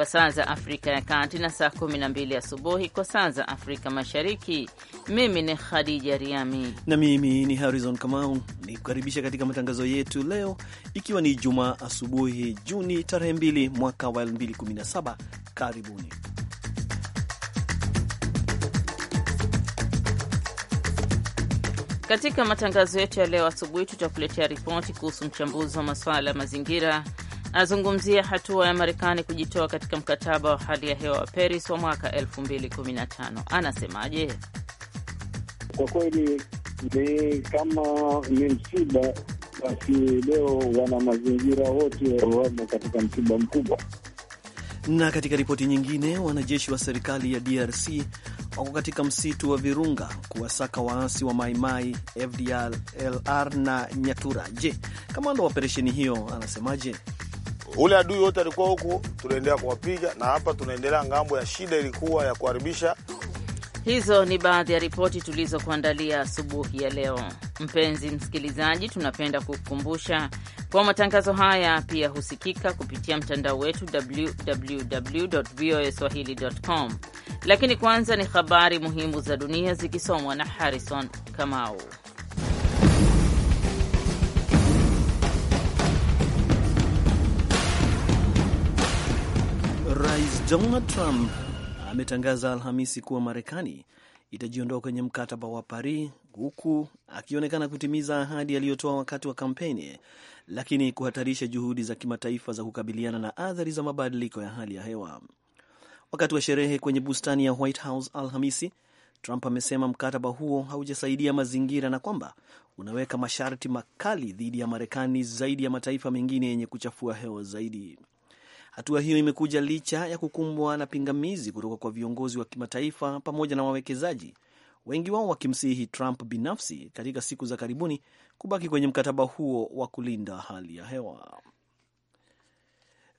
kwa saa za Afrika ya Kati na saa 12 asubuhi kwa saa za Afrika Mashariki. Mimi ni Khadija Riami na mimi ni Harrison Kamau, ni kukaribisha katika matangazo yetu leo, ikiwa ni Jumaa asubuhi Juni tarehe 2 mwaka wa 2017. Karibuni katika matangazo yetu ya leo asubuhi. Tutakuletea ripoti kuhusu mchambuzi wa masuala ya mazingira azungumzia hatua ya Marekani kujitoa katika mkataba wa hali ya hewa wa Paris wa mwaka 2015. Anasemaje? Kwa kweli ni kama ni msiba, basi leo wana mazingira wote wamo katika msiba mkubwa. Na katika ripoti nyingine, wanajeshi wa serikali ya DRC wako katika msitu wa Virunga kuwasaka waasi wa Maimai, FDLR na Nyatura. Je, kamanda wa operesheni hiyo anasemaje? Ule adui wote alikuwa huku, tunaendelea kuwapiga na hapa tunaendelea ngambo ya shida ilikuwa ya kuharibisha. Hizo ni baadhi ya ripoti tulizokuandalia asubuhi ya leo. Mpenzi msikilizaji, tunapenda kukukumbusha kwa matangazo haya pia husikika kupitia mtandao wetu www voa swahili.com. Lakini kwanza ni habari muhimu za dunia zikisomwa na Harrison Kamau. Rais Donald Trump ametangaza Alhamisi kuwa Marekani itajiondoa kwenye mkataba wa Paris, huku akionekana kutimiza ahadi aliyotoa wakati wa kampeni, lakini kuhatarisha juhudi za kimataifa za kukabiliana na athari za mabadiliko ya hali ya hewa. Wakati wa sherehe kwenye bustani ya White House Alhamisi, Trump amesema mkataba huo haujasaidia mazingira na kwamba unaweka masharti makali dhidi ya Marekani zaidi ya mataifa mengine yenye kuchafua hewa zaidi. Hatua hiyo imekuja licha ya kukumbwa na pingamizi kutoka kwa viongozi wa kimataifa pamoja na wawekezaji, wengi wao wakimsihi Trump binafsi katika siku za karibuni kubaki kwenye mkataba huo wa kulinda hali ya hewa.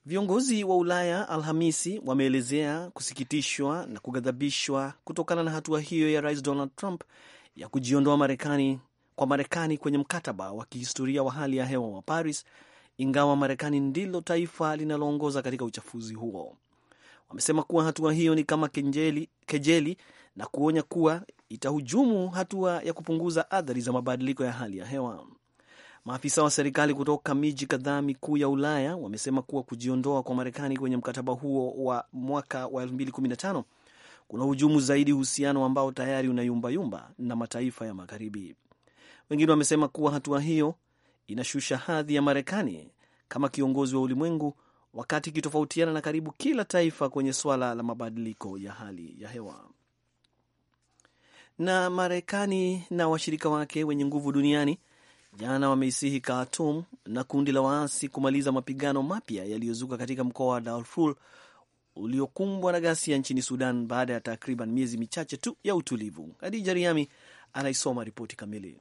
Viongozi wa Ulaya Alhamisi wameelezea kusikitishwa na kughadhabishwa kutokana na hatua hiyo ya Rais Donald Trump ya kujiondoa Marekani kwa Marekani kwenye mkataba wa kihistoria wa hali ya hewa wa Paris ingawa Marekani ndilo taifa linaloongoza katika uchafuzi huo. Wamesema kuwa hatua hiyo ni kama kenjeli, kejeli na kuonya kuwa itahujumu hatua ya kupunguza athari za mabadiliko ya hali ya hewa. Maafisa wa serikali kutoka miji kadhaa mikuu ya Ulaya wamesema kuwa kujiondoa kwa Marekani kwenye mkataba huo wa mwaka wa 2015 kuna hujumu zaidi uhusiano ambao tayari unayumbayumba na mataifa ya Magharibi. Wengine wamesema kuwa hatua hiyo inashusha hadhi ya Marekani kama kiongozi wa ulimwengu, wakati ikitofautiana na karibu kila taifa kwenye suala la mabadiliko ya hali ya hewa. Na Marekani na washirika wake wenye nguvu duniani jana wameisihi Khartoum na kundi la waasi kumaliza mapigano mapya yaliyozuka katika mkoa wa Darfur uliokumbwa na ghasia nchini Sudan baada ya takriban miezi michache tu ya utulivu. Hadija Riami anaisoma ripoti kamili.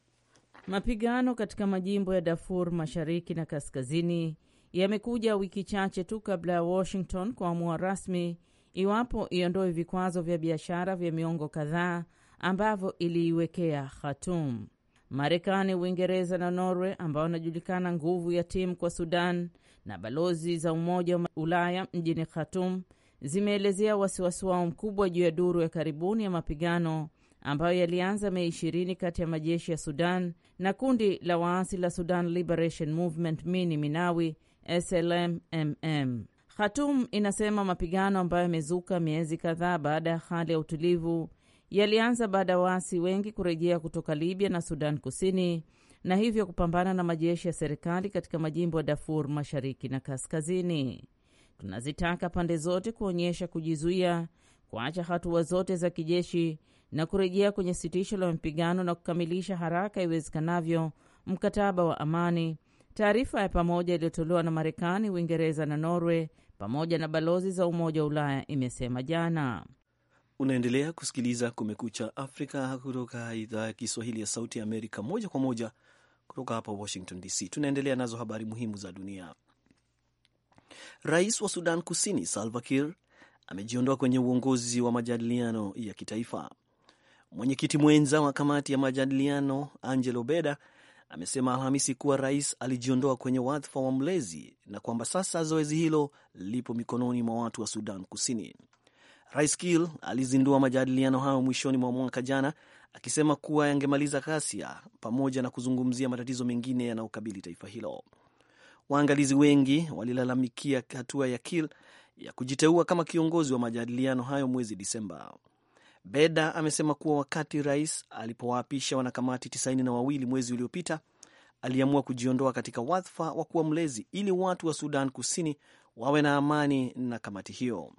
Mapigano katika majimbo ya Darfur mashariki na kaskazini yamekuja wiki chache tu kabla ya Washington kuamua rasmi iwapo iondoe vikwazo vya biashara vya miongo kadhaa ambavyo iliiwekea Khartoum. Marekani, Uingereza na Norway ambao wanajulikana nguvu ya timu kwa Sudan na balozi za Umoja wa Ulaya mjini Khartoum zimeelezea wasiwasi wao mkubwa juu ya duru ya karibuni ya mapigano ambayo yalianza Mei 20 kati ya majeshi ya Sudan na kundi la waasi la Sudan Liberation Movement mini Minawi SLMMM. Khatum inasema mapigano ambayo yamezuka miezi kadhaa baada ya hali ya utulivu yalianza baada ya waasi wengi kurejea kutoka Libya na Sudan Kusini na hivyo kupambana na majeshi ya serikali katika majimbo ya Darfur Mashariki na Kaskazini. Tunazitaka pande zote kuonyesha kujizuia, kuacha hatua zote za kijeshi na kurejea kwenye sitisho la mapigano na kukamilisha haraka iwezekanavyo mkataba wa amani. Taarifa ya pamoja iliyotolewa na Marekani, Uingereza na Norway pamoja na balozi za Umoja wa Ulaya imesema jana. Unaendelea kusikiliza Kumekucha Afrika kutoka idhaa ya Kiswahili ya Sauti ya Amerika, moja kwa moja kutoka hapa Washington DC. Tunaendelea nazo habari muhimu za dunia. Rais wa Sudan Kusini Salva Kiir amejiondoa kwenye uongozi wa majadiliano ya kitaifa. Mwenyekiti mwenza wa kamati ya majadiliano Angelo Beda amesema Alhamisi kuwa rais alijiondoa kwenye wadhifa wa mlezi na kwamba sasa zoezi hilo lipo mikononi mwa watu wa Sudan Kusini. Rais Kiir alizindua majadiliano hayo mwishoni mwa mwaka jana akisema kuwa yangemaliza ghasia pamoja na kuzungumzia matatizo mengine yanayokabili taifa hilo. Waangalizi wengi walilalamikia hatua ya Kiir ya kujiteua kama kiongozi wa majadiliano hayo mwezi Disemba. Beda amesema kuwa wakati rais alipowaapisha wanakamati tisaini na wawili mwezi uliopita aliamua kujiondoa katika wadhifa wa kuwa mlezi ili watu wa Sudan Kusini wawe na amani na kamati hiyo.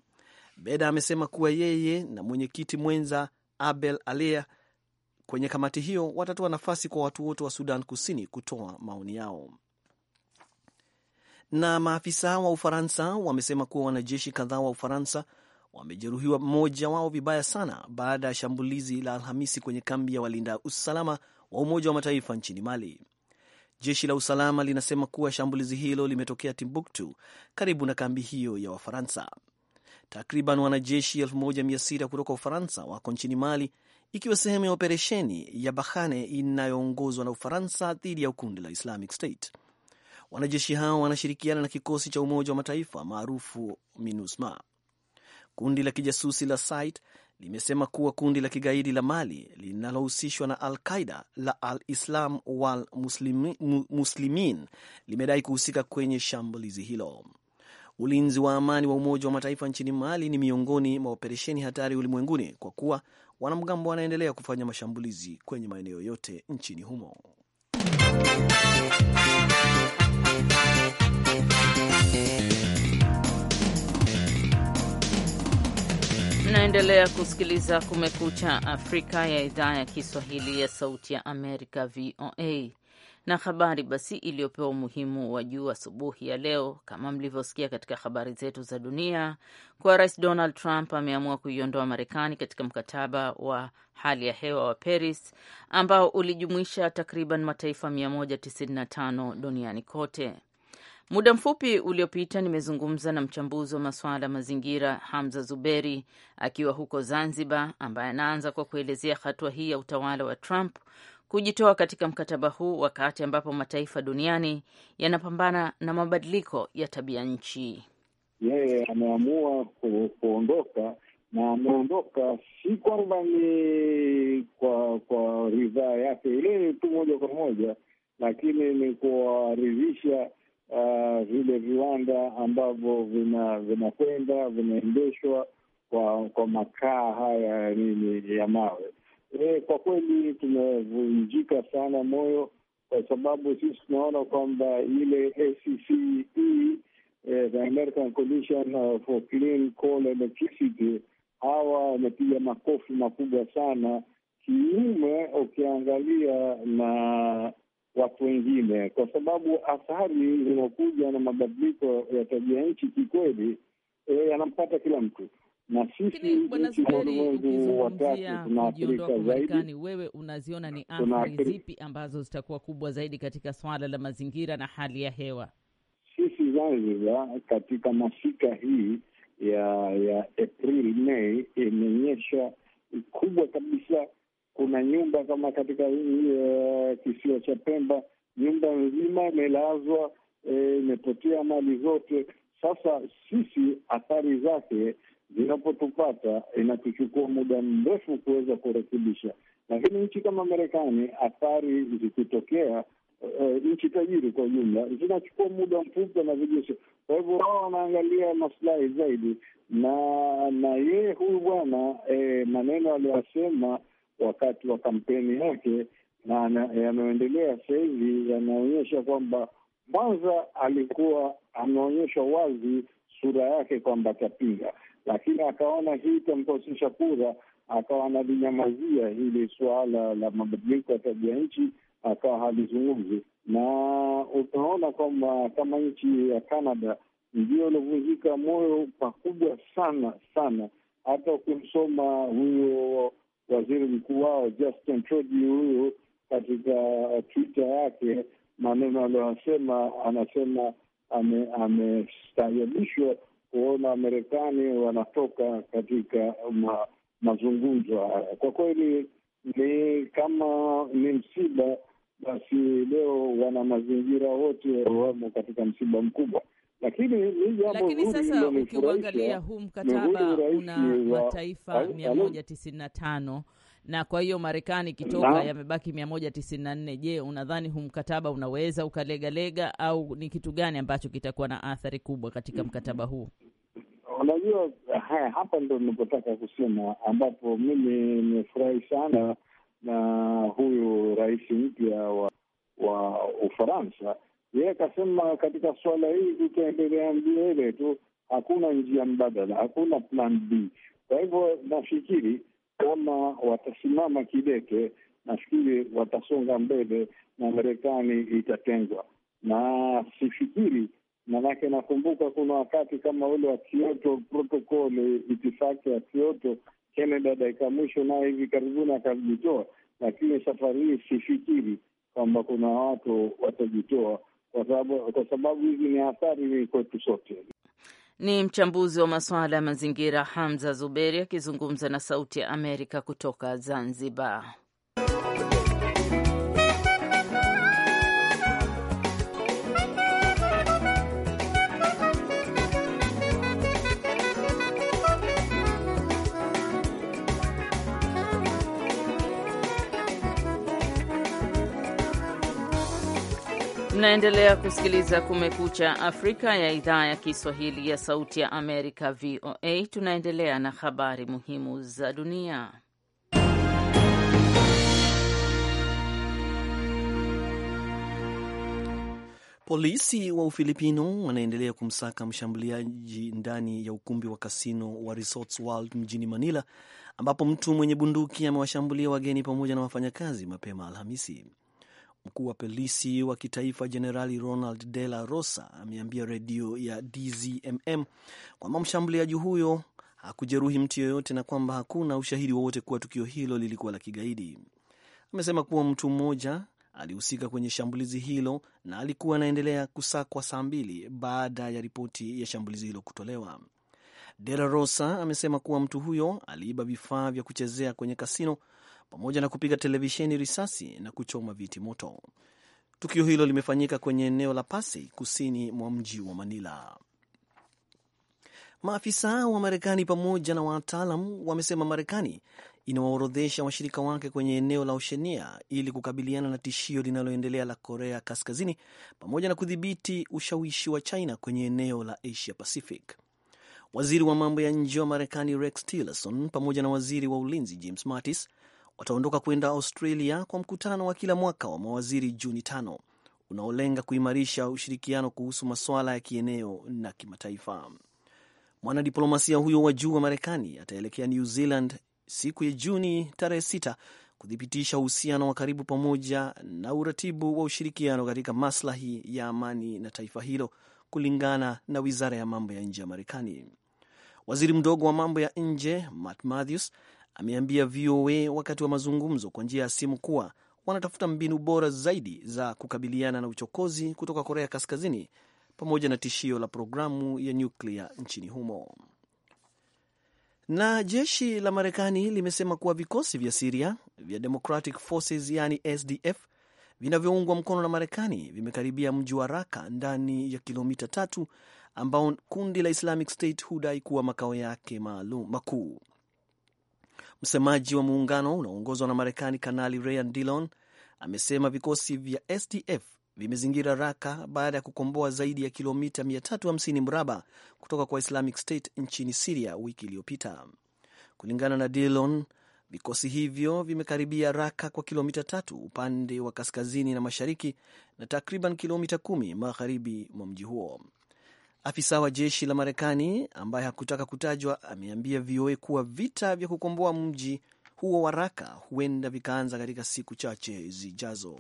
Beda amesema kuwa yeye na mwenyekiti mwenza Abel Alea kwenye kamati hiyo watatoa nafasi kwa watu wote wa Sudan Kusini kutoa maoni yao. Na maafisa wa Ufaransa wamesema kuwa wanajeshi kadhaa wa Ufaransa wamejeruhiwa, mmoja wao vibaya sana, baada ya shambulizi la Alhamisi kwenye kambi ya walinda usalama wa Umoja wa Mataifa nchini Mali. Jeshi la usalama linasema kuwa shambulizi hilo limetokea Timbuktu, karibu na kambi hiyo ya Wafaransa. Takriban wanajeshi 1600 kutoka Ufaransa wako nchini Mali, ikiwa sehemu ya operesheni ya Bahane inayoongozwa na Ufaransa dhidi ya kundi la Islamic State. Wanajeshi hao wanashirikiana na kikosi cha Umoja wa Mataifa maarufu MINUSMA. Kundi la kijasusi la SITE limesema kuwa kundi la kigaidi la Mali linalohusishwa na Al Qaida la Al Islam wal Muslimin limedai kuhusika kwenye shambulizi hilo. Ulinzi wa amani wa Umoja wa Mataifa nchini Mali ni miongoni mwa operesheni hatari ulimwenguni kwa kuwa wanamgambo wanaendelea kufanya mashambulizi kwenye maeneo yote nchini humo. Tunaendelea kusikiliza Kumekucha Afrika ya idhaa ya Kiswahili ya Sauti ya Amerika, VOA. Na habari basi iliyopewa umuhimu wa juu asubuhi ya leo, kama mlivyosikia katika habari zetu za dunia, kuwa Rais Donald Trump ameamua kuiondoa Marekani katika mkataba wa hali ya hewa wa Paris ambao ulijumuisha takriban mataifa 195 duniani kote. Muda mfupi uliopita nimezungumza na mchambuzi wa masuala ya mazingira Hamza Zuberi akiwa huko Zanzibar, ambaye anaanza kwa kuelezea hatua hii ya utawala wa Trump kujitoa katika mkataba huu wakati ambapo mataifa duniani yanapambana na mabadiliko ya tabia nchi. Yeye ameamua kuondoka na ameondoka, si kwamba ni kwa kwa ridhaa yake ile tu moja kwa moja, lakini ni kuwaridhisha uh, vile viwanda ambavyo vinakwenda vinaendeshwa kwa kwa makaa haya nini ya mawe. E, kwa kweli tumevunjika sana moyo kwa sababu sisi tunaona kwamba ile ACCE, eh, the American Coalition for Clean Coal Electricity, hawa wamepiga makofi makubwa sana, kinyume ukiangalia na watu wengine, kwa sababu athari zinaokuja na mabadiliko ya tabia nchi kikweli e, yanampata kila mtu na sisi ulimwengu watatu tunaathirika zaidi. Wewe unaziona ni athari zipi ambazo zitakuwa kubwa zaidi katika swala la mazingira na hali ya hewa? Sisi Zanzibar katika masika hii ya ya April Mei imeonyesha kubwa kabisa kuna nyumba kama katika uh, kisiwa cha Pemba, nyumba nzima imelazwa, eh, imepotea mali zote. Sasa sisi athari zake zinapotupata inatuchukua muda mrefu kuweza kurekebisha, lakini nchi kama Marekani athari zikitokea, uh, nchi tajiri kwa jumla zinachukua muda mfupi na vijeshi. Kwa hivyo wao wanaangalia masilahi zaidi, na na yeye huyu bwana eh, maneno aliyosema wakati wa kampeni yake, na yanayoendelea sasa hivi yanaonyesha kwamba kwanza alikuwa ameonyesha wazi sura yake kwamba atapinga, lakini akaona hii itamkosesha kura, akawa analinyamazia hili suala la mabadiliko ya tabia nchi, akawa halizungumzi. Na utaona kwamba kama nchi ya Canada ndio ilovunjika moyo pakubwa sana sana. Hata ukimsoma huyo waziri mkuu wao Justin Trudeau huyu katika Twitter yake maneno aliyosema, anasema amestajabishwa ame kuona Wamarekani wanatoka katika ma, mazungumzo haya. Kwa kweli ni kama ni msiba basi, leo wana mazingira wote wamo katika msiba mkubwa lakini lakini sasa ukiuangalia huu mkataba una mataifa mia moja tisini na tano na kwa hiyo Marekani ikitoka yamebaki mia moja tisini na nne. Je, unadhani huu mkataba unaweza ukalegalega au ni kitu gani ambacho kitakuwa na athari kubwa katika mkataba huu? Unajua, haya hapa ndo inapotaka kusema, ambapo mimi nimefurahi sana na huyu rais mpya wa wa Ufaransa yeye akasema katika suala hii tutaendelea mjele tu, hakuna njia mbadala, hakuna plan B. Kwa hivyo nafikiri kama watasimama kidete, nafikiri watasonga mbele na Marekani itatengwa, na sifikiri manake nakumbuka kuna wakati kama ule wa Kyoto Protocol, itifaki ya Kyoto, Canada dakika mwisho naye hivi karibuni akajitoa, lakini safari hii sifikiri kwamba kuna watu watajitoa kwa sababu kwa sababu hizi ni athari kwetu sote. Ni mchambuzi wa masuala ya mazingira Hamza Zuberi akizungumza na Sauti ya Amerika kutoka Zanzibar. Mnaendelea kusikiliza Kumekucha Afrika ya idhaa ya Kiswahili ya Sauti ya Amerika, VOA. Tunaendelea na habari muhimu za dunia. Polisi wa Ufilipino wanaendelea kumsaka mshambuliaji ndani ya ukumbi wa kasino wa Resorts World mjini Manila, ambapo mtu mwenye bunduki amewashambulia wageni pamoja na wafanyakazi mapema Alhamisi. Mkuu wa polisi wa kitaifa Jenerali Ronald De La Rosa ameambia redio ya DZMM kwamba mshambuliaji huyo hakujeruhi mtu yoyote na kwamba hakuna ushahidi wowote kuwa tukio hilo lilikuwa la kigaidi. Amesema kuwa mtu mmoja alihusika kwenye shambulizi hilo na alikuwa anaendelea kusakwa saa mbili baada ya ripoti ya shambulizi hilo kutolewa. De La Rosa amesema kuwa mtu huyo aliiba vifaa vya kuchezea kwenye kasino pamoja na kupiga televisheni risasi na kuchoma viti moto. Tukio hilo limefanyika kwenye eneo la Pasay kusini mwa mji wa Manila. Maafisa wa Marekani pamoja na wataalam wamesema Marekani inawaorodhesha washirika wake kwenye eneo la Oshenia ili kukabiliana na tishio linaloendelea la Korea Kaskazini pamoja na kudhibiti ushawishi wa China kwenye eneo la Asia Pacific. Waziri wa mambo ya nje wa Marekani Rex Tillerson pamoja na waziri wa ulinzi James Mattis wataondoka kwenda Australia kwa mkutano wa kila mwaka wa mawaziri Juni tano unaolenga kuimarisha ushirikiano kuhusu masuala ya kieneo na kimataifa. Mwanadiplomasia huyo wa juu wa Marekani ataelekea New Zealand siku ya Juni tarehe sita kuthibitisha uhusiano wa karibu pamoja na uratibu wa ushirikiano katika maslahi ya amani na taifa hilo, kulingana na wizara ya mambo ya nje ya Marekani. Waziri mdogo wa mambo ya nje Matt Matthews ameambia VOA wakati wa mazungumzo kwa njia ya simu kuwa wanatafuta mbinu bora zaidi za kukabiliana na uchokozi kutoka Korea Kaskazini pamoja na tishio la programu ya nyuklia nchini humo. Na jeshi la Marekani limesema kuwa vikosi vya Siria vya Democratic Forces yani SDF vinavyoungwa mkono na Marekani vimekaribia mji wa Raka ndani ya kilomita tatu ambao kundi la Islamic State hudai kuwa makao yake maalum makuu. Msemaji wa muungano unaoongozwa na Marekani, Kanali Ryan Dillon amesema vikosi vya SDF vimezingira Raka baada ya kukomboa zaidi ya kilomita 350 mraba kutoka kwa Islamic State nchini Siria wiki iliyopita. Kulingana na Dillon, vikosi hivyo vimekaribia Raka kwa kilomita tatu upande wa kaskazini na mashariki na takriban kilomita kumi magharibi mwa mji huo. Afisa wa jeshi la Marekani ambaye hakutaka kutajwa ameambia VOA kuwa vita vya kukomboa mji huo wa Raka huenda vikaanza katika siku chache zijazo.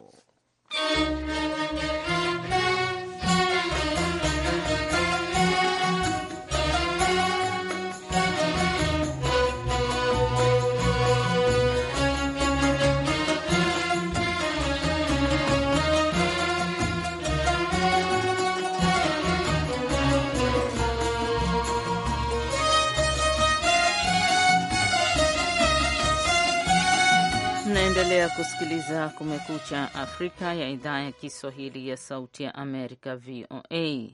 Unaendelea kusikiliza Kumekucha Afrika ya idhaa ya Kiswahili ya Sauti ya Amerika, VOA.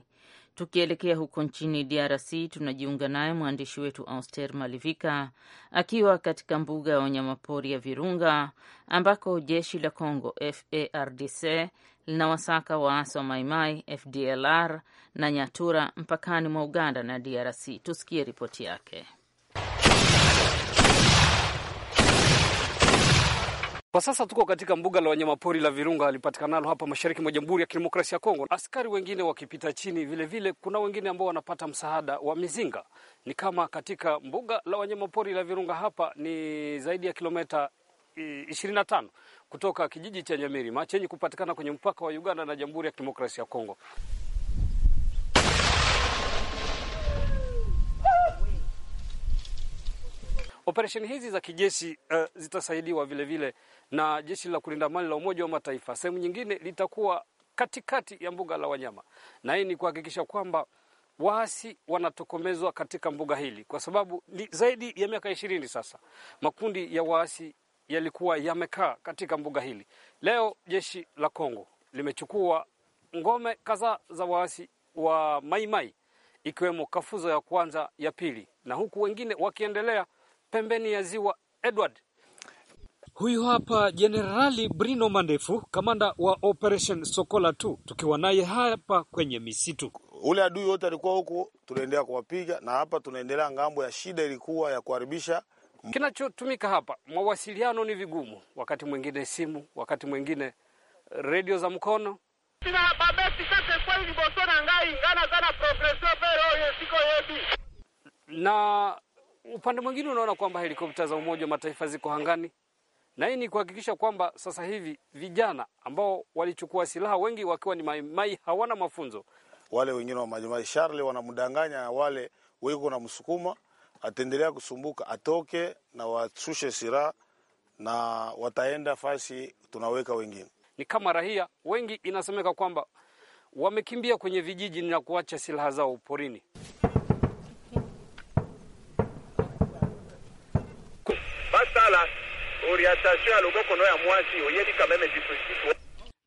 Tukielekea huko nchini DRC, tunajiunga naye mwandishi wetu Auster Malivika akiwa katika mbuga ya wanyamapori ya Virunga ambako jeshi la Congo FARDC linawasaka waasi wa Maimai FDLR na Nyatura mpakani mwa Uganda na DRC. Tusikie ripoti yake. Kwa sasa tuko katika mbuga la wanyamapori la Virunga alipatikanalo hapa mashariki mwa Jamhuri ya Kidemokrasia ya Kongo, askari wengine wakipita chini, vilevile vile, kuna wengine ambao wanapata msaada wa mizinga. Ni kama katika mbuga la wanyamapori la Virunga hapa ni zaidi ya kilomita 25 kutoka kijiji cha Nyamirima chenye kupatikana kwenye mpaka wa Uganda na Jamhuri ya Kidemokrasia ya Kongo. Operesheni hizi za kijeshi uh, zitasaidiwa vile vile na jeshi la kulinda mali la Umoja wa Mataifa. Sehemu nyingine litakuwa katikati ya mbuga la wanyama, na hii ni kuhakikisha kwamba waasi wanatokomezwa katika mbuga hili, kwa sababu ni zaidi ya miaka ishirini sasa makundi ya waasi yalikuwa yamekaa katika mbuga hili. Leo jeshi la Kongo limechukua ngome kadhaa za waasi wa Maimai, ikiwemo Kafuzo ya kwanza, ya pili, na huku wengine wakiendelea pembeni ya ziwa Edward. Huyu hapa Jenerali Brino Mandefu, kamanda wa Operation Sokola tu, tukiwa naye hapa kwenye misitu. Ule adui wote alikuwa huku, tunaendelea kuwapiga na hapa tunaendelea ngambo ya shida ilikuwa ya kuharibisha. Kinachotumika hapa mawasiliano ni vigumu, wakati mwingine simu, wakati mwingine redio za mkono. Na upande mwingine unaona kwamba helikopta za Umoja wa Mataifa ziko hangani, na hii ni kuhakikisha kwamba sasa hivi vijana ambao walichukua silaha wengi wakiwa ni maimai hawana mafunzo. Wale wengine wa maimai Charles wanamdanganya na wale weko na msukuma, ataendelea kusumbuka, atoke na washushe silaha na wataenda fasi tunaweka wengine. Ni kama rahia wengi inasemeka kwamba wamekimbia kwenye vijiji na kuacha silaha zao porini.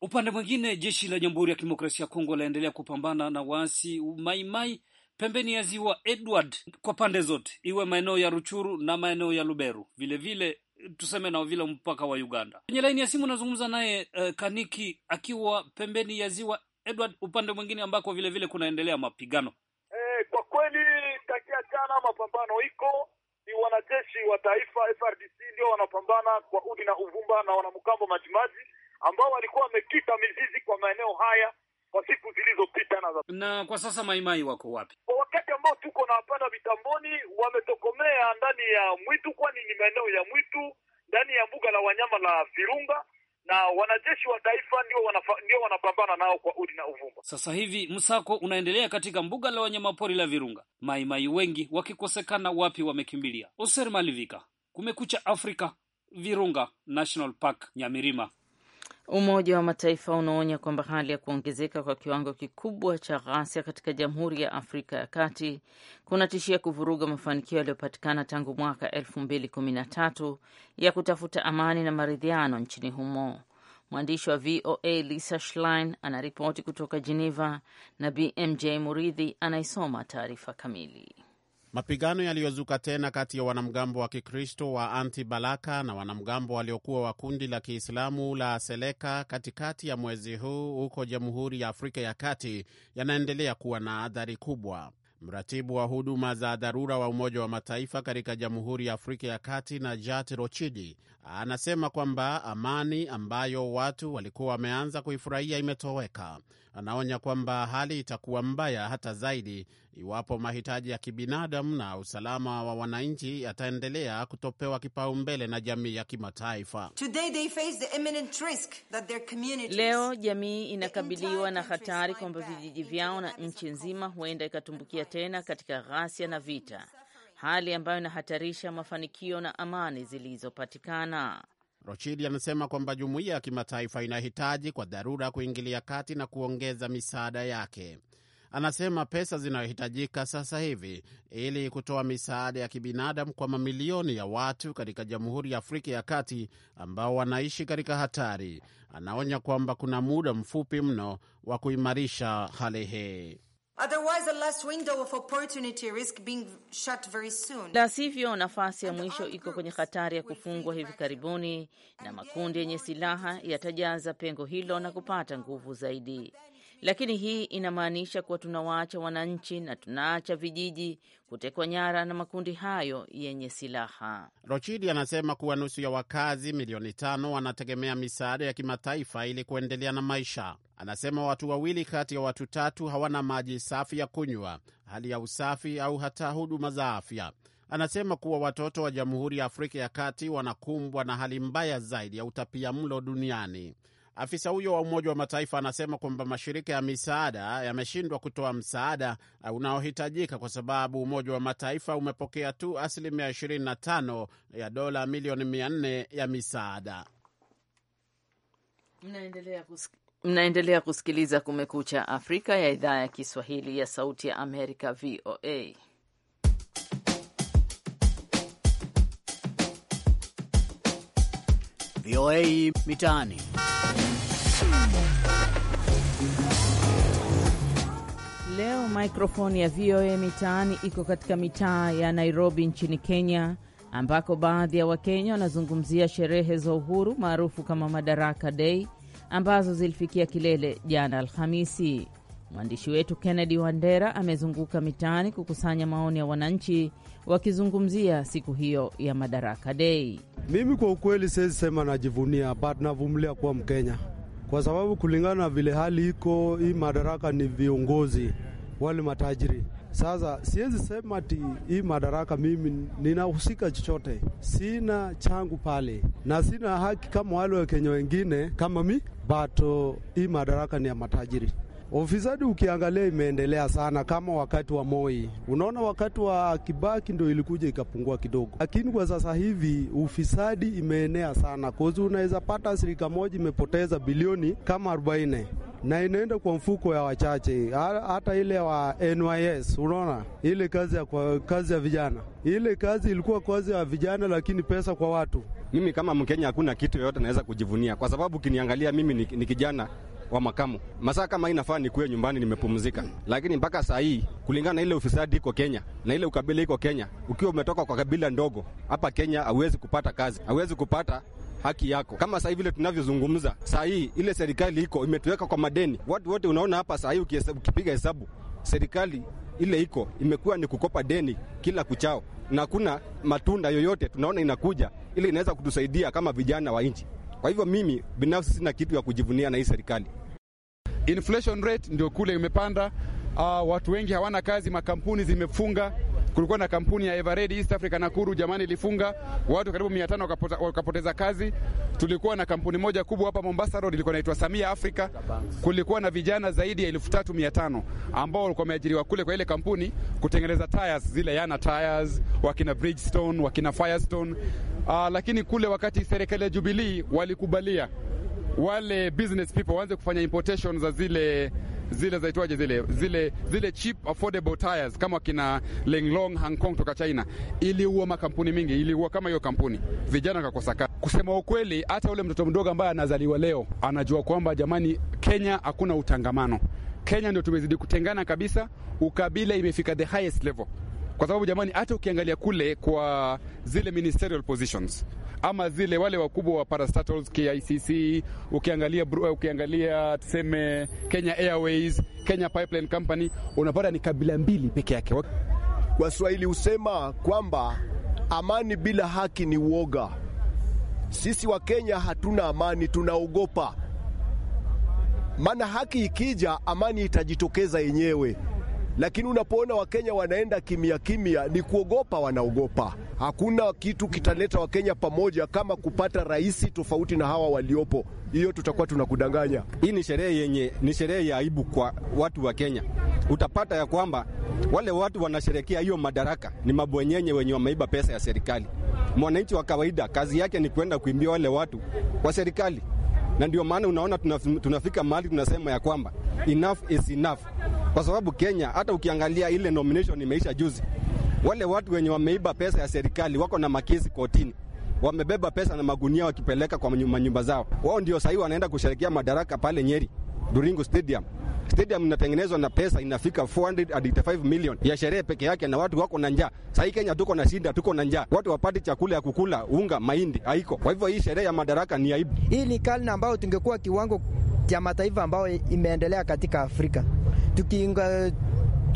Upande mwingine, jeshi la Jamhuri ya Kidemokrasia ya Kongo laendelea kupambana na waasi Maimai pembeni ya ziwa Edward kwa pande zote, iwe maeneo ya Ruchuru na maeneo ya Luberu, vilevile tuseme na vile mpaka wa Uganda. Kwenye laini ya simu nazungumza naye uh, Kaniki akiwa pembeni ya ziwa Edward, upande mwingine ambako vilevile kunaendelea mapigano. Eh, kwa kweli takia jana mapambano iko ni wanajeshi wa taifa FRDC ndio wanapambana kwa udi na uvumba na wanamkambo Majimaji ambao walikuwa wamekita mizizi kwa maeneo haya kwa siku zilizopita. Na, na kwa sasa maimai wako wapi? Kwa wakati ambao tuko na hapana vitamboni, wametokomea ndani ya mwitu, kwani ni maeneo ya mwitu ndani ya mbuga la wanyama la Virunga na wanajeshi wa taifa ndio ndio wanapambana nao kwa udi na uvumba. Sasa hivi msako unaendelea katika mbuga la wanyamapori la Virunga, maimai wengi wakikosekana wapi wamekimbilia. Oser Malivika, Kumekucha Afrika, Virunga National Park, Nyamirima. Umoja wa Mataifa unaonya kwamba hali ya kuongezeka kwa kiwango kikubwa cha ghasia katika Jamhuri ya Afrika ya Kati kunatishia kuvuruga mafanikio yaliyopatikana tangu mwaka tatu ya kutafuta amani na maridhiano nchini humo. Mwandishi wa VOA Lisa Schlein anaripoti kutoka Geneva na BMJ Muridhi anaisoma taarifa kamili. Mapigano yaliyozuka tena kati ya wanamgambo wa Kikristo wa Anti Balaka na wanamgambo waliokuwa wa kundi la Kiislamu la Seleka katikati ya mwezi huu huko Jamhuri ya Afrika ya Kati yanaendelea kuwa na athari kubwa. Mratibu wa huduma za dharura wa Umoja wa Mataifa katika Jamhuri ya Afrika ya Kati Najat Rochidi anasema kwamba amani ambayo watu walikuwa wameanza kuifurahia imetoweka. Anaonya kwamba hali itakuwa mbaya hata zaidi iwapo mahitaji ya kibinadamu na usalama wa wananchi yataendelea kutopewa kipaumbele na jamii ya kimataifa. Leo jamii inakabiliwa na hatari kwamba vijiji vyao na nchi nzima huenda ikatumbukia tena katika ghasia na vita, hali ambayo inahatarisha mafanikio na amani zilizopatikana rochidi anasema kwamba jumuiya ya kimataifa inahitaji kwa dharura kuingilia kati na kuongeza misaada yake. Anasema pesa zinayohitajika sasa hivi ili kutoa misaada ya kibinadamu kwa mamilioni ya watu katika Jamhuri ya Afrika ya Kati ambao wanaishi katika hatari. Anaonya kwamba kuna muda mfupi mno wa kuimarisha hali hii. La sivyo, nafasi ya mwisho iko kwenye hatari ya kufungwa hivi karibuni, na makundi yenye silaha yatajaza pengo hilo na kupata nguvu zaidi lakini hii inamaanisha kuwa tunawaacha wananchi na tunaacha vijiji kutekwa nyara na makundi hayo yenye silaha. Rochidi anasema kuwa nusu ya wakazi milioni tano wanategemea misaada ya kimataifa ili kuendelea na maisha. Anasema watu wawili kati ya watu tatu hawana maji safi ya kunywa, hali ya usafi au hata huduma za afya. Anasema kuwa watoto wa Jamhuri ya Afrika ya Kati wanakumbwa na hali mbaya zaidi ya utapia mlo duniani. Afisa huyo wa Umoja wa Mataifa anasema kwamba mashirika ya misaada yameshindwa kutoa msaada uh, unaohitajika kwa sababu Umoja wa Mataifa umepokea tu asilimia 25 ya dola milioni 400 ya misaada. Mnaendelea kusikia mnaendelea kusikiliza Kumekucha Afrika ya idhaa ya Kiswahili ya Sauti ya Amerika, VOA. VOA Mitaani. Leo mikrofoni ya VOA Mitaani iko katika mitaa ya Nairobi nchini Kenya, ambako baadhi ya Wakenya wanazungumzia sherehe za uhuru maarufu kama Madaraka Day ambazo zilifikia kilele jana Alhamisi. Mwandishi wetu Kennedy Wandera amezunguka mitaani kukusanya maoni ya wananchi wakizungumzia siku hiyo ya Madaraka Dei. Mimi kwa ukweli siwezi sema najivunia, but navumilia kuwa Mkenya kwa sababu kulingana na vile hali iko, hii madaraka ni viongozi wale matajiri. Sasa siwezi sema ti hii madaraka mimi ninahusika chochote, sina changu pale na sina haki kama wale wakenya wengine kama mi, but uh, hii madaraka ni ya matajiri. Ufisadi ukiangalia imeendelea sana, kama wakati wa Moi. Unaona, wakati wa Kibaki ndo ilikuja ikapungua kidogo, lakini kwa sasa hivi ufisadi imeenea sana kozi, unaweza pata shirika moja imepoteza bilioni kama 40 na inaenda kwa mfuko ya wachache, hata ile wa NYS. Unaona ile kazi ya, kwa, kazi ya vijana, ile kazi ilikuwa kazi ya vijana, lakini pesa kwa watu. Mimi kama Mkenya hakuna kitu yoyote naweza kujivunia, kwa sababu ukiniangalia mimi ni, ni kijana wa makamu. Masaa kama hii nafaa nikuwe nyumbani nimepumzika, lakini mpaka saa hii, kulingana na ile ufisadi iko Kenya na ile ukabila iko Kenya, ukiwa umetoka kwa kabila ndogo hapa Kenya hauwezi kupata kazi, hauwezi kupata haki yako. Kama sahii vile tunavyozungumza saa hii, ile serikali iko imetuweka kwa madeni. Watu wote unaona hapa saa hii, ukipiga hesabu serikali ile iko imekuwa ni kukopa deni kila kuchao, na kuna matunda yoyote tunaona inakuja ili inaweza kutusaidia kama vijana wa nchi. Kwa hivyo mimi binafsi sina kitu ya kujivunia na hii serikali inflation rate ndio kule imepanda. Uh, watu wengi hawana kazi, makampuni zimefunga. Kulikuwa na kampuni ya Eveready East Africa Nakuru, jamani, ilifunga watu karibu 500 wakapoteza, wakapoteza kazi. Tulikuwa na kampuni moja kubwa hapa Mombasa Road ilikuwa inaitwa Samia Africa. Kulikuwa na vijana zaidi ya 3500 ambao walikuwa wameajiriwa kule kwa ile kampuni kutengeneza tires, zile yana tires, wakina Bridgestone, wakina Firestone. Uh, lakini kule wakati serikali ya Jubilee walikubalia wale business people waanze kufanya importation za zile zile zaitwaje zile zile zile cheap affordable tires kama kina Linglong Hong Kong toka China, iliua makampuni mingi, iliua kama hiyo kampuni, vijana wakakosa kazi. Kusema ukweli, hata ule mtoto mdogo ambaye anazaliwa leo anajua kwamba jamani, Kenya hakuna utangamano. Kenya ndio tumezidi kutengana kabisa, ukabila imefika the highest level kwa sababu jamani, hata ukiangalia kule kwa zile ministerial positions ama zile wale wakubwa wa parastatals KICC, ukiangalia eh, ukiangalia tuseme Kenya Airways, Kenya Pipeline Company, unapata ni kabila mbili peke yake. Waswahili husema kwamba amani bila haki ni uoga. Sisi wa Kenya hatuna amani, tunaogopa, maana haki ikija, amani itajitokeza yenyewe lakini unapoona Wakenya wanaenda kimya kimya, ni kuogopa, wanaogopa. Hakuna kitu kitaleta Wakenya pamoja kama kupata rais tofauti na hawa waliopo. Hiyo tutakuwa tunakudanganya. Hii ni sherehe yenye ni sherehe ya aibu kwa watu wa Kenya. Utapata ya kwamba wale watu wanasherekea hiyo madaraka ni mabwenyenye wenye wameiba pesa ya serikali. Mwananchi wa kawaida kazi yake ni kwenda kuimbia wale watu wa serikali na ndio maana unaona tunafika mahali tunasema ya kwamba enough is enough, kwa sababu Kenya, hata ukiangalia ile nomination imeisha juzi. Wale watu wenye wameiba pesa ya serikali wako na makesi kotini, wamebeba pesa na magunia wakipeleka kwa manyumba zao. Wao ndio sahii wanaenda kusherekea madaraka pale Nyeri. Duringo Stadium. Stadium inatengenezwa na pesa inafika 485 million ya sherehe peke yake, na watu wako na njaa. Sasa hii Kenya tuko na shida, tuko na njaa, watu wapate chakula ya kukula, unga, mahindi haiko. Kwa hivyo hii sherehe ya madaraka ni aibu. Hii ni na ambayo tungekuwa kiwango cha mataifa ambayo imeendelea katika Afrika tukiinga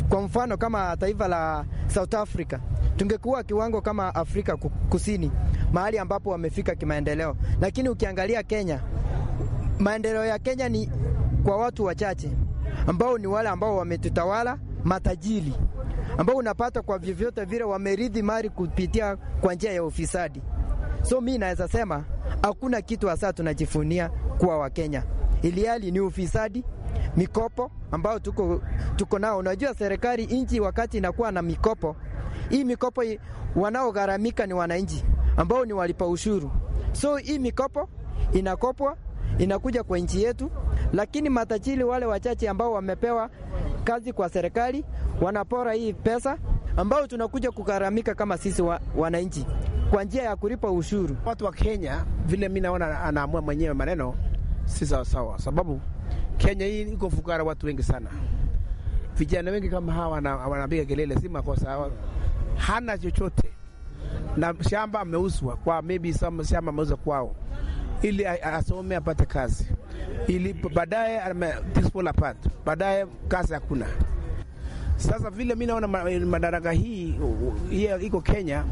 kwa mfano kama taifa la South Africa tungekuwa kiwango kama Afrika Kusini, mahali ambapo wamefika kimaendeleo. Lakini ukiangalia Kenya, maendeleo ya Kenya ni kwa watu wachache ambao ni wale ambao wametutawala, matajiri ambao unapata kwa vyovyote vile wameridhi mali kupitia kwa njia ya ufisadi. So mi naweza sema hakuna kitu hasa tunajifunia kuwa Wakenya, iliali ni ufisadi, mikopo ambao tuko, tuko nao. Unajua serikali nchi wakati inakuwa na mikopo hii, mikopo wanaogharamika ni wananchi ambao ni walipa ushuru. So hii mikopo inakopwa inakuja kwa nchi yetu, lakini matajiri wale wachache ambao wamepewa kazi kwa serikali wanapora hii pesa ambao tunakuja kukaramika kama sisi wa, wananchi kwa njia ya kulipa ushuru. Watu wa Kenya vile mimi naona anaamua mwenyewe maneno si sawa sawa, sababu Kenya hii iko fukara watu wengi sana. Vijana wengi kama hawa wanapiga kelele, si makosa, hana chochote na shamba ameuzwa kwa maybe some shamba ameuzwa kwao ili asome apate kazi, ili baadaye apate baadaye kazi hakuna. Sasa vile mi naona eh, madaraka hii iko Kenya,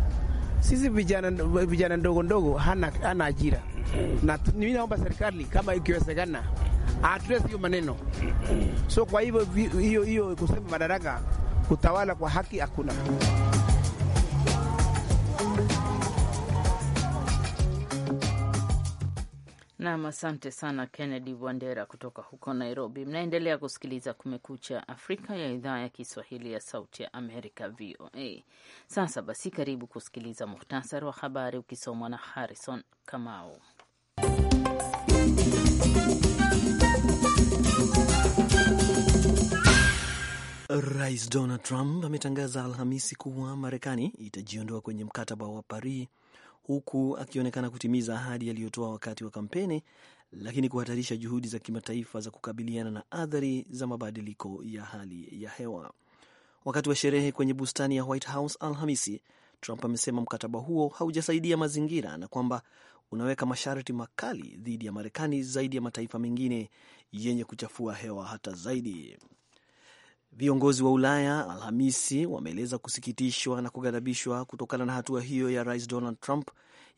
sisi vijana, vijana ndogo ndogo hana, hana ajira, na mi naomba serikali kama ikiwezekana address hiyo maneno. So kwa hivyo hiyo hiyo kusema madaraka, kutawala kwa haki hakuna. Nam, asante sana Kennedy Wandera kutoka huko Nairobi. Mnaendelea kusikiliza Kumekucha Afrika ya idhaa ya Kiswahili ya Sauti ya Amerika, VOA. Sasa basi, karibu kusikiliza muhtasari wa habari ukisomwa na Harrison Kamau. Rais Donald Trump ametangaza Alhamisi kuwa Marekani itajiondoa kwenye mkataba wa Paris huku akionekana kutimiza ahadi aliyotoa wakati wa kampeni, lakini kuhatarisha juhudi za kimataifa za kukabiliana na athari za mabadiliko ya hali ya hewa. Wakati wa sherehe kwenye bustani ya White House Alhamisi, Trump amesema mkataba huo haujasaidia mazingira na kwamba unaweka masharti makali dhidi ya Marekani zaidi ya mataifa mengine yenye kuchafua hewa hata zaidi. Viongozi wa Ulaya Alhamisi wameeleza kusikitishwa na kughadhabishwa kutokana na hatua hiyo ya Rais Donald Trump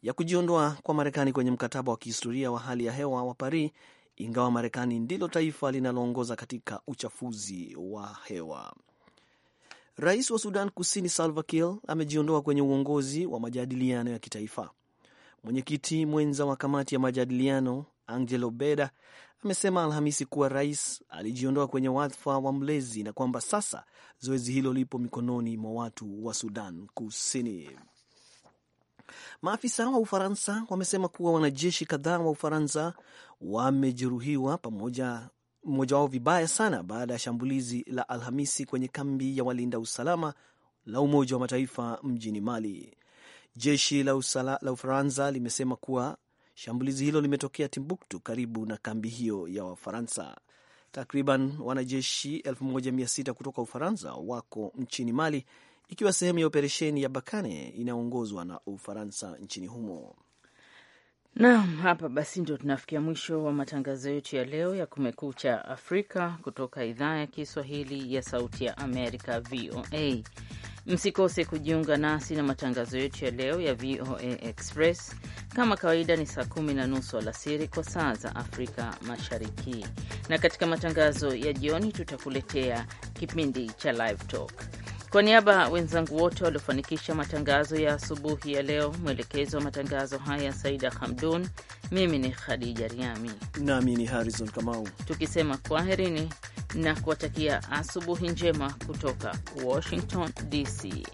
ya kujiondoa kwa Marekani kwenye mkataba wa kihistoria wa hali ya hewa wa Paris, ingawa Marekani ndilo taifa linaloongoza katika uchafuzi wa hewa. Rais wa Sudan Kusini Salva Kiir amejiondoa kwenye uongozi wa majadiliano ya kitaifa. Mwenyekiti mwenza wa kamati ya majadiliano Angelo Beda amesema Alhamisi kuwa rais alijiondoa kwenye wadhifa wa mlezi na kwamba sasa zoezi hilo lipo mikononi mwa watu wa Sudan Kusini. Maafisa wa Ufaransa wamesema kuwa wanajeshi kadhaa wa Ufaransa wamejeruhiwa pamoja mmoja wao vibaya sana baada ya shambulizi la Alhamisi kwenye kambi ya walinda usalama la Umoja wa Mataifa mjini Mali. Jeshi la, la Ufaransa limesema kuwa Shambulizi hilo limetokea Timbuktu, karibu na kambi hiyo ya Wafaransa. Takriban wanajeshi 1600 kutoka Ufaransa wako nchini Mali, ikiwa sehemu ya operesheni ya Bakane inayoongozwa na Ufaransa nchini humo. Naam, hapa basi ndio tunafikia mwisho wa matangazo yetu ya leo ya Kumekucha Afrika kutoka idhaa ya Kiswahili ya Sauti ya Amerika, VOA. Msikose kujiunga nasi na matangazo yetu ya leo ya VOA Express kama kawaida, ni saa kumi na nusu alasiri kwa saa za Afrika Mashariki, na katika matangazo ya jioni tutakuletea kipindi cha Live Talk kwa niaba wenzangu wote waliofanikisha matangazo ya asubuhi ya leo, mwelekezi wa matangazo haya Saida Hamdun, mimi ni Khadija Riami nami ni Harrison Kamau, tukisema kwaherini na kuwatakia asubuhi njema kutoka Washington DC.